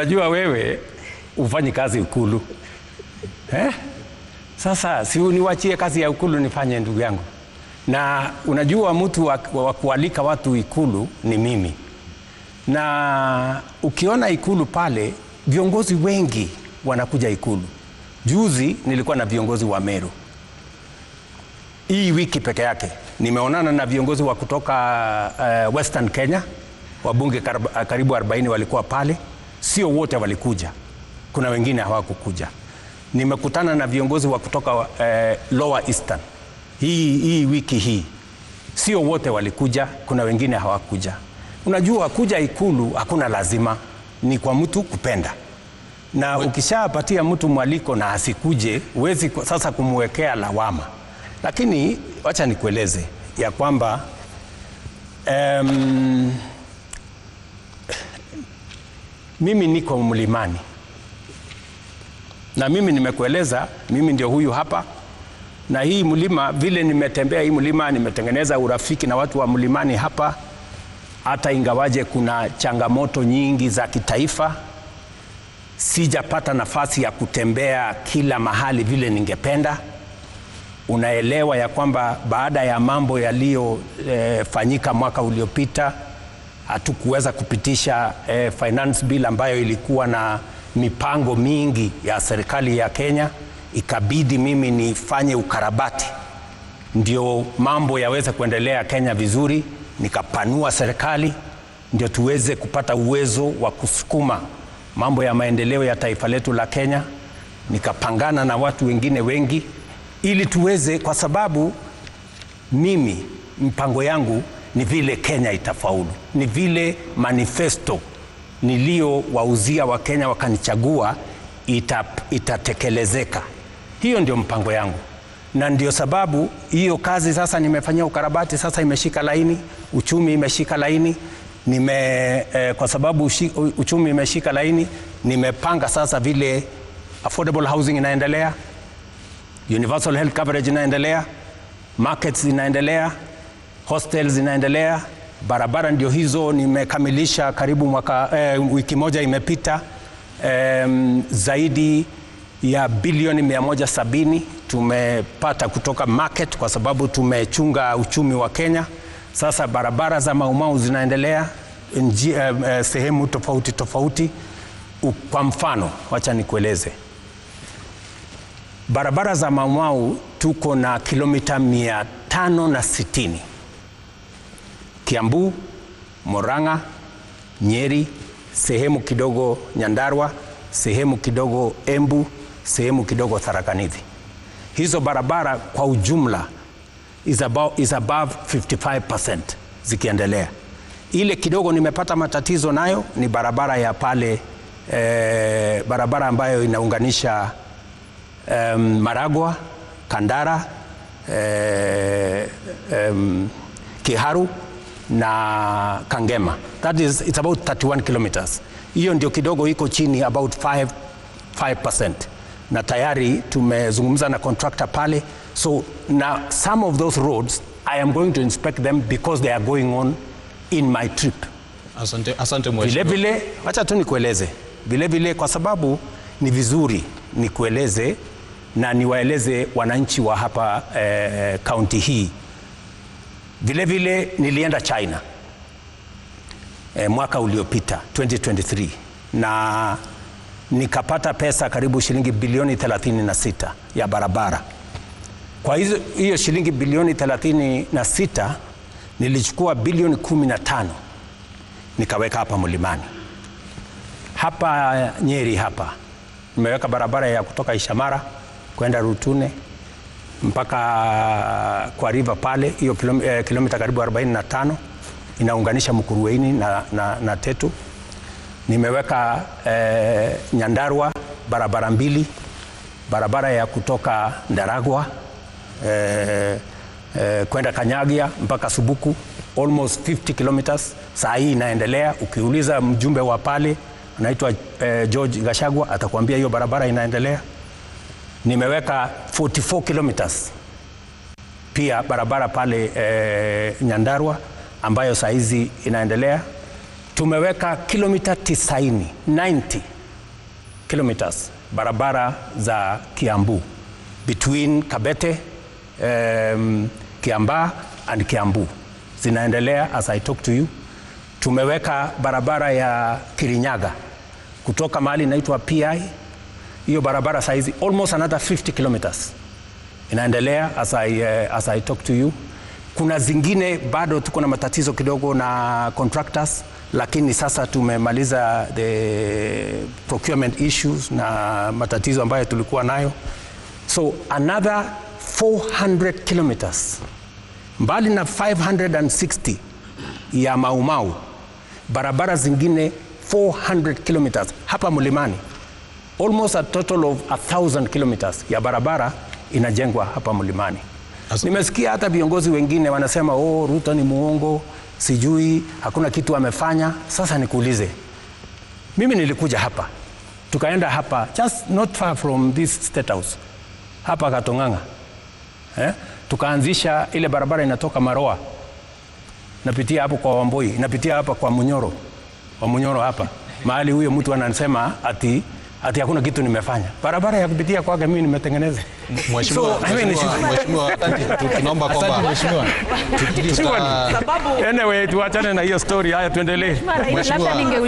Najua wewe ufanyi kazi Ikulu eh? Sasa si uniwachie kazi ya Ikulu nifanye, ndugu yangu. Na unajua mtu wa kualika watu Ikulu ni mimi, na ukiona Ikulu pale viongozi wengi wanakuja Ikulu. Juzi nilikuwa na viongozi wa Meru, hii wiki peke yake nimeonana na viongozi wa kutoka uh, Western Kenya, wabunge karibu 40 walikuwa pale sio wote walikuja, kuna wengine hawakukuja. Nimekutana na viongozi wa kutoka eh, Lower Eastern hii, hii wiki hii, sio wote walikuja, kuna wengine hawakuja. Unajua, kuja Ikulu hakuna lazima, ni kwa mtu kupenda na ukishapatia mtu mwaliko na asikuje, huwezi sasa kumwekea lawama. Lakini wacha nikueleze ya kwamba um, mimi niko mlimani na mimi nimekueleza, mimi ndio huyu hapa, na hii mlima, vile nimetembea hii mlima, nimetengeneza urafiki na watu wa mlimani hapa, hata ingawaje kuna changamoto nyingi za kitaifa, sijapata nafasi ya kutembea kila mahali vile ningependa. Unaelewa ya kwamba baada ya mambo yaliyofanyika eh, e, mwaka uliopita hatukuweza kupitisha eh, finance bill ambayo ilikuwa na mipango mingi ya serikali ya Kenya, ikabidi mimi nifanye ukarabati ndio mambo yaweze kuendelea Kenya vizuri, nikapanua serikali ndio tuweze kupata uwezo wa kusukuma mambo ya maendeleo ya taifa letu la Kenya. Nikapangana na watu wengine wengi ili tuweze, kwa sababu mimi mpango yangu ni vile Kenya itafaulu, ni vile manifesto niliyowauzia Wakenya wakanichagua ita, itatekelezeka. Hiyo ndio mpango yangu, na ndio sababu hiyo kazi sasa nimefanyia ukarabati, sasa imeshika laini, uchumi imeshika laini nime eh, kwa sababu uchumi imeshika laini, nimepanga sasa vile affordable housing inaendelea, universal health coverage inaendelea, markets inaendelea hostel zinaendelea, barabara ndio hizo, nimekamilisha karibu mwaka, eh, wiki moja imepita. Um, zaidi ya bilioni 170 tumepata kutoka market kwa sababu tumechunga uchumi wa Kenya. Sasa barabara za Maumau zinaendelea nji, eh, eh, sehemu tofauti tofauti. Kwa mfano, wacha nikueleze barabara za Maumau tuko na kilomita 560 Kiambu, Moranga, Nyeri, sehemu kidogo Nyandarua, sehemu kidogo Embu, sehemu kidogo Tharaka Nithi. Hizo barabara kwa ujumla is above, is above 55% zikiendelea. Ile kidogo nimepata matatizo nayo ni barabara ya pale eh, barabara ambayo inaunganisha eh, Maragwa, Kandara eh, eh, Kiharu na Kangema. That is, it's about 31 kilometers. Hiyo ndio kidogo iko chini about 5, 5%. Na tayari tumezungumza na contractor pale. So na some of those roads I am going to inspect them because they are going on in my trip. Asante, asante mheshimiwa. Vile vile, acha tu nikueleze. Vile vile kwa sababu ni vizuri nikueleze na niwaeleze wananchi wa hapa eh, kaunti eh, hii vile vile nilienda China e, mwaka uliopita 2023 na nikapata pesa karibu shilingi bilioni 36 ya barabara. Kwa hizo hiyo shilingi bilioni 36 nilichukua bilioni 15 nikaweka hapa Mlimani, hapa eh, Nyeri, hapa nimeweka barabara ya kutoka Ishamara kwenda Rutune mpaka kwa river pale, hiyo eh, kilomita karibu 45 inaunganisha Mukuruweini na, na, na Tetu. Nimeweka eh, Nyandarua barabara mbili, barabara ya kutoka Ndaragwa eh, eh, kwenda Kanyagia mpaka Subuku almost 50 kilometers. Saa hii inaendelea. Ukiuliza mjumbe wa pale anaitwa eh, George Gashagwa atakuambia hiyo barabara inaendelea nimeweka 44 kilometers pia barabara pale eh, Nyandarua ambayo saa hizi inaendelea. Tumeweka kilomita 90 90 kilometers barabara za Kiambu between Kabete um, Kiamba and Kiambu zinaendelea as I talk to you. Tumeweka barabara ya Kirinyaga kutoka mahali inaitwa PI hiyo barabara saizi almost another 50 kilometers inaendelea as I, uh, as I talk to you. Kuna zingine bado tuko na matatizo kidogo na contractors, lakini sasa tumemaliza the procurement issues na matatizo ambayo tulikuwa nayo, so another 400 kilometers mbali na 560 ya Maumau, barabara zingine 400 kilometers hapa mlimani almost a total of thousand kilometers ya barabara inajengwa hapa mlimani. Nimesikia hata viongozi wengine wanasema oh, Ruto ni muongo, sijui hakuna kitu amefanya. Sasa nikuulize, mimi nilikuja hapa, tukaenda hapa just not far from this state house hapa Katonganga eh? Tukaanzisha ile barabara inatoka Maroa napitia hapo kwa Wamboi, napitia hapa kwa Munyoro, wa Munyoro hapa mahali huyo mtu anasema ati ati hakuna kitu nimefanya. Barabara ya kupitia kwake mimi nimetengeneza. Mheshimiwa, mheshimiwa, tunaomba kwamba mheshimiwa, sababu anyway, tuachane na hiyo story. Haya, tuendelee mheshimiwa.